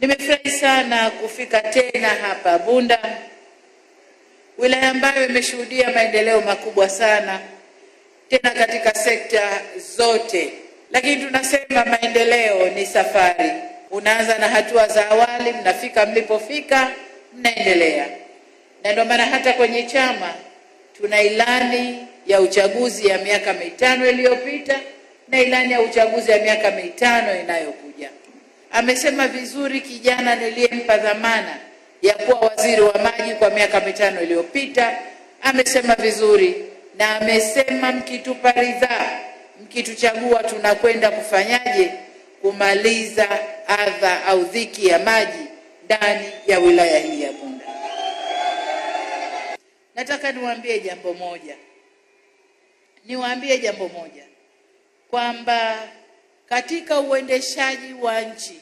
Nimefurahi sana kufika tena hapa Bunda, wilaya ambayo imeshuhudia maendeleo makubwa sana tena katika sekta zote. Lakini tunasema maendeleo ni safari, unaanza na hatua za awali, mnafika mlipofika, mnaendelea. Na ndio maana hata kwenye chama tuna ilani ya uchaguzi ya miaka mitano iliyopita na ilani ya uchaguzi ya miaka mitano inayokuja amesema vizuri kijana niliyempa dhamana ya kuwa waziri wa maji kwa miaka mitano iliyopita, amesema vizuri na amesema mkitupa ridhaa, mkituchagua, tunakwenda kufanyaje kumaliza adha au dhiki ya maji ndani ya wilaya hii ya Bunda. Nataka niwaambie jambo moja, niwaambie jambo moja kwamba katika uendeshaji wa nchi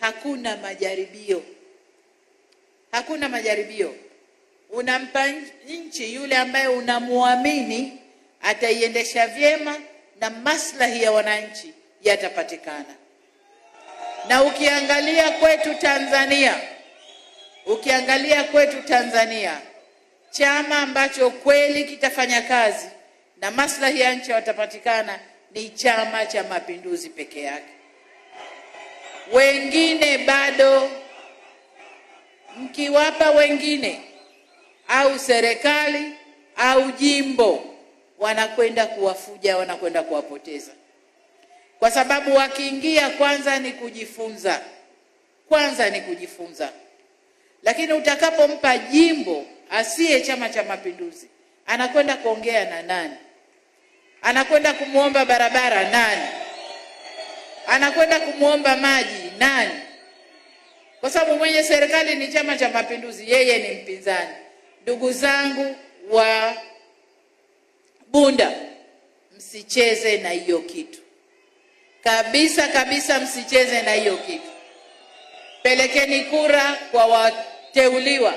hakuna majaribio, hakuna majaribio. Unampa nchi yule ambaye unamwamini ataiendesha vyema na maslahi ya wananchi yatapatikana. Na ukiangalia kwetu Tanzania, ukiangalia kwetu Tanzania, chama ambacho kweli kitafanya kazi na maslahi ya nchi yatapatikana ni Chama cha Mapinduzi peke yake, wengine bado. Mkiwapa wengine au serikali au jimbo, wanakwenda kuwafuja, wanakwenda kuwapoteza, kwa sababu wakiingia, kwanza ni kujifunza, kwanza ni kujifunza. Lakini utakapompa jimbo asiye Chama cha Mapinduzi, anakwenda kuongea na nani? Anakwenda kumwomba barabara nani? Anakwenda kumwomba maji nani? Kwa sababu mwenye serikali ni Chama cha Mapinduzi, yeye ni mpinzani. Ndugu zangu wa Bunda, msicheze na hiyo kitu kabisa kabisa, msicheze na hiyo kitu. Pelekeni kura kwa wateuliwa,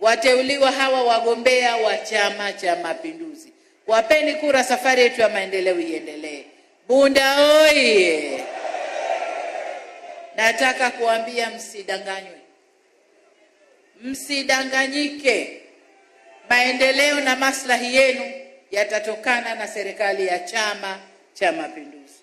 wateuliwa hawa wagombea wa Chama cha Mapinduzi. Wapeni kura, safari yetu ya maendeleo iendelee. Bunda oye! Nataka kuambia msidanganywe, msidanganyike. Maendeleo na maslahi yenu yatatokana na serikali ya Chama cha Mapinduzi.